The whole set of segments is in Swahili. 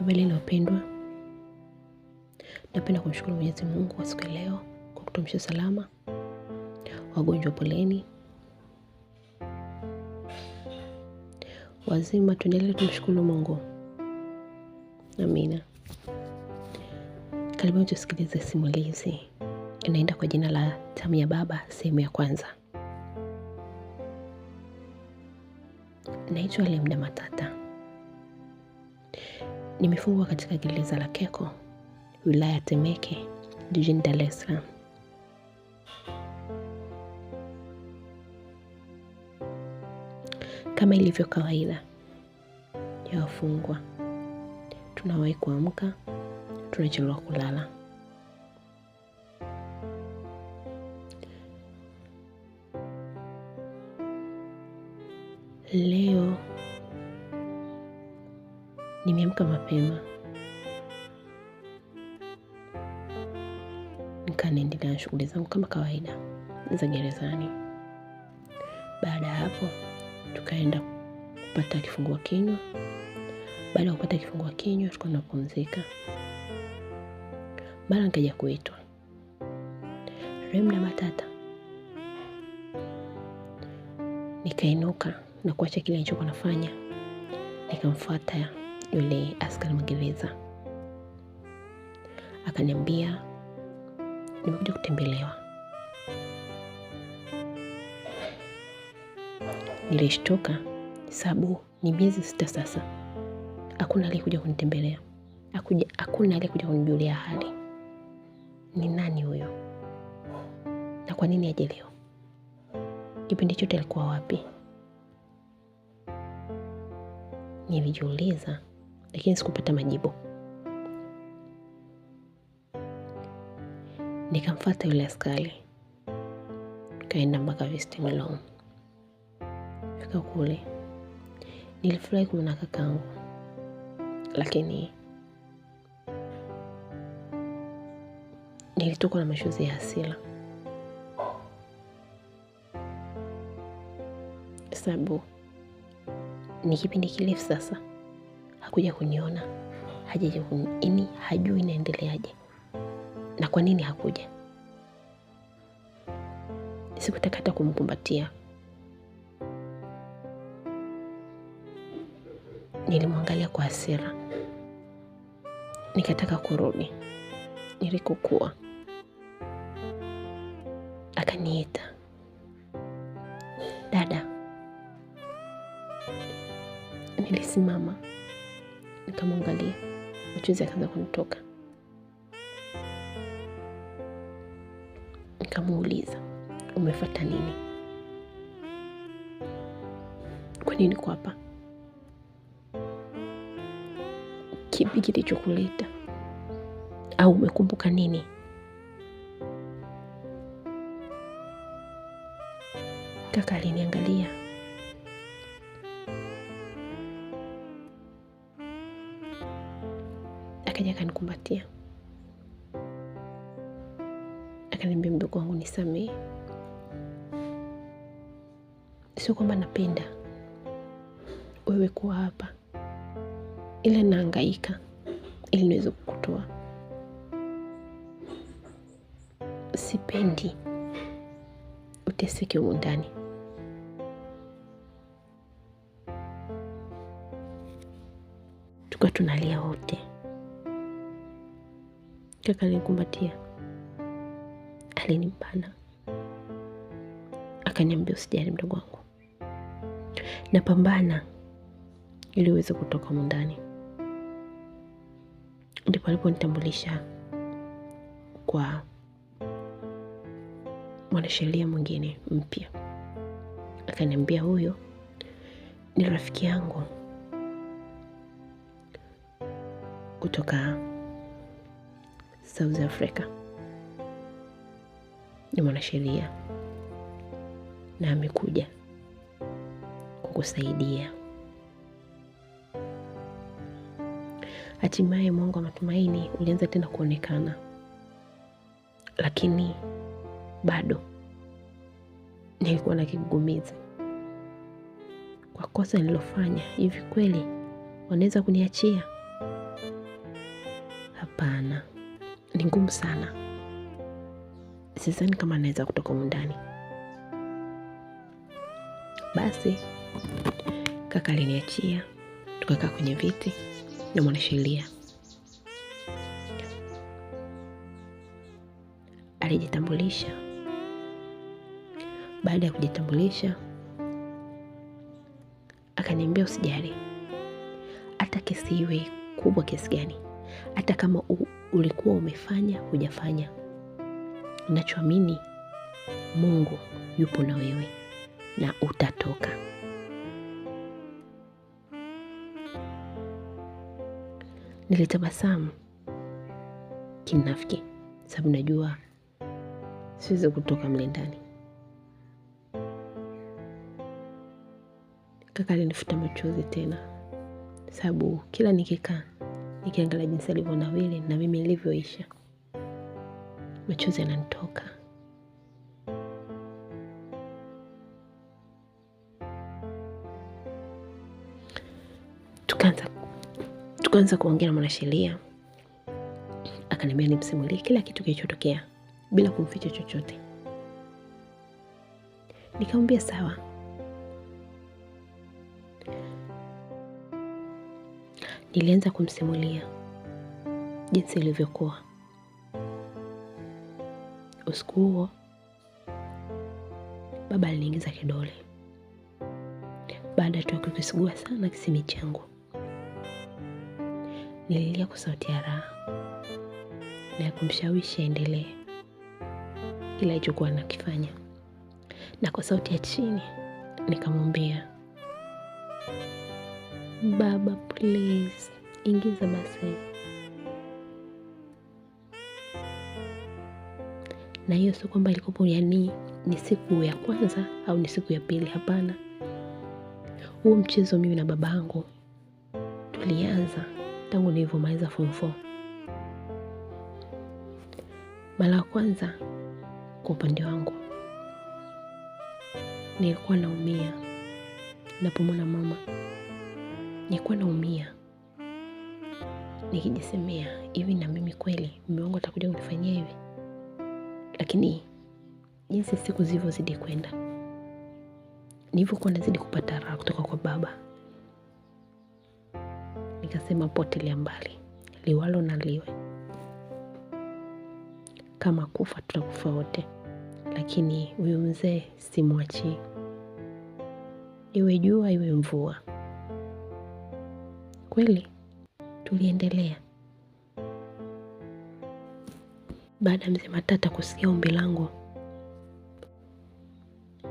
Evelyn wapendwa, napenda kumshukuru Mwenyezi Mungu kwa siku ya leo kwa kutumisha salama. Wagonjwa poleni, wazima tuendelee tumshukuru Mungu. Amina. Karibuni tusikilize simulizi inaenda kwa jina la Tamu ya Baba sehemu ya kwanza. Naitwa Lemda Matata. Nimefungwa katika gereza la Keko, wilaya Temeke, jijini Dar es Salaam. Kama ilivyo kawaida ya wafungwa, tunawahi kuamka, tunachelewa kulala. mapema. Nikaniendelea na shughuli zangu kama kawaida za gerezani. Baada ya hapo, tukaenda kupata kifungua kinywa. Baada ya kupata kifungua kinywa, tulikuwa tunapumzika. Mara nikaja kuitwa na Matata. Nikainuka na kuacha kile nilichokuwa nafanya, nikamfuata yule askari Mwingereza akaniambia, nimekuja kutembelewa. Nilishtuka sababu ni miezi sita sasa, hakuna aliyekuja kunitembelea, hakuna aliyekuja kunijulia hali. Ni nani huyo na kwa nini aje Kipindi chote alikuwa wapi? Nilijiuliza lakini sikupata majibu. Nikamfata yule askari, kaenda mpaka vistimlon Fika kule nilifurahi kumana kakangu, lakini nilitokwa na mashuzi ya asila sababu ni kipindi kirefu sasa hakuja kuniona, hajaja kunini hajui inaendeleaje na kwa nini hakuja. Sikutaka hata kumkumbatia. Nilimwangalia kwa asira nikataka kurudi nilikokuwa. Akaniita, dada. Nilisimama nikamwangalia, machozi akaanza kunitoka. Nikamuuliza, umefata nini? Kwa nini uko hapa? Kipi kilichokuleta? Au umekumbuka nini? Kaka aliniangalia akanikumbatia, akaniambia, mdogo wangu, nisamehe, sio kwamba napenda wewe kuwa hapa, ila naangaika ili niweze kukutoa. Sipendi uteseke humu ndani. Tukawa tunalia wote. Kaka alinikumbatia, alinibana, akaniambia usijali mdogo wangu, napambana ili uweze kutoka humu ndani. Ndipo aliponitambulisha kwa mwanasheria mwingine mpya, akaniambia huyo ni rafiki yangu kutoka South Africa. Ni mwanasheria na amekuja kukusaidia. Hatimaye mwanga wa matumaini ulianza tena kuonekana, lakini bado nilikuwa na kigugumizi kwa kosa nilofanya. Hivi kweli wanaweza kuniachia? Hapana ni ngumu sana. sizani kama naweza kutoka humu ndani. Basi kaka aliniachia, tukakaa kwenye viti na mwanasheria alijitambulisha. Baada ya kujitambulisha, akaniambia usijali, hata kesi iwe kubwa kiasi gani hata kama u, ulikuwa umefanya hujafanya. Nachoamini Mungu yupo na wewe na utatoka. Nilitabasamu kinafiki sababu najua siwezi kutoka mle ndani. Kaka alinifuta machozi tena, sababu kila nikikaa nikiangalia jinsi nawili na mimi nilivyoisha, machozi yananitoka. Tukaanza tukaanza kuongea na mwanasheria, akaniambia nimsimulie kila kitu kilichotokea bila kumficha chochote. Nikamwambia sawa. nilianza kumsimulia jinsi ilivyokuwa. Usiku huo baba aliniingiza kidole baada tu kukisugua sana kisimi changu. Nililia kwa sauti ya raha na ya kumshawishi aendelee, ila alichokuwa nakifanya, na kwa sauti ya chini nikamwambia Baba please, ingiza basi. Na hiyo sio kwamba ilikopo, yani ni siku ya kwanza au ni siku ya pili. Hapana, huo mchezo mimi na baba angu tulianza tangu nilivyomaliza form Mara ya kwanza kwa upande wangu nilikuwa naumia napomwona mama nilikuwa naumia nikijisemea hivi, na mimi kweli mume wangu atakuja kunifanyia hivi. Lakini jinsi siku zilivyozidi kwenda, nilivyokuwa nazidi kupata raha kutoka kwa baba, nikasema potelea mbali, liwalo na liwe, kama kufa tutakufa wote, lakini huyu mzee simwachii, iwe jua iwe mvua kweli, tuliendelea. Baada ya mzee Matata kusikia umbi langu,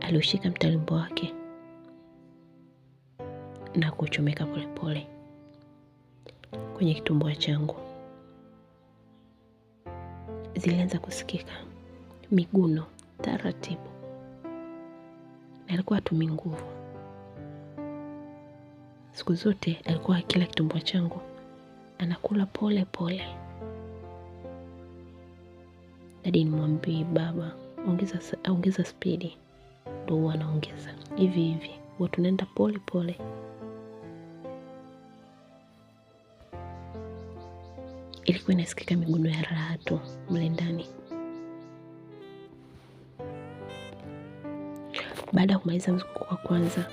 aliushika mtalimbo wake na kuchomeka polepole kwenye kitumbua changu. Zilianza kusikika miguno taratibu, na alikuwa atumi nguvu. Siku zote alikuwa akila kitumbua changu, anakula pole pole. Hadi nimwambie baba, ongeza ongeza spidi, ndo huwa anaongeza hivi hivi, huwa tunaenda pole pole. Ilikuwa inasikika miguno ya raha tu mle ndani. Baada ya kumaliza mzunguko wa kwanza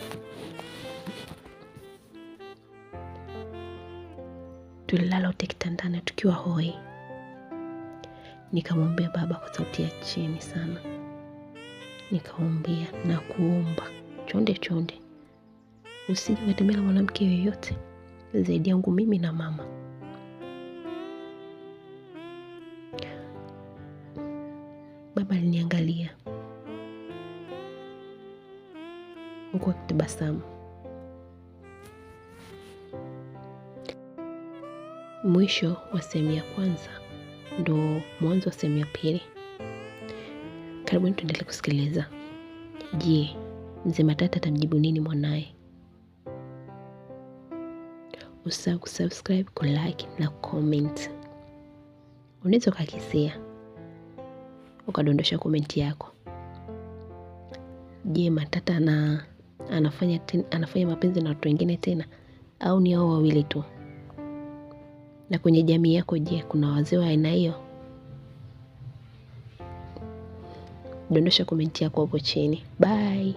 tulilala wote kitandani tukiwa hoi. Nikamwambia baba kwa sauti ya chini sana, nikamwambia kuomba chonde chonde, usije ukatembea na mwanamke yoyote zaidi yangu mimi na mama. Baba aliniangalia huku akitabasamu. mwisho wa sehemu ya kwanza ndo mwanzo wa sehemu ya pili. Karibuni tuendelee kusikiliza. Je, mzee Matata atamjibu nini mwanaye? Usisahau kusubscribe, kulike na comment. Unaweza ukakisia ukadondosha komenti yako. Je, Matata ana, anafanya, ten, anafanya mapenzi na watu wengine tena au ni hao wawili tu? Na kwenye jamii yako, je, kuna wazee wa aina hiyo? Dondosha komenti yako hapo chini. Bye.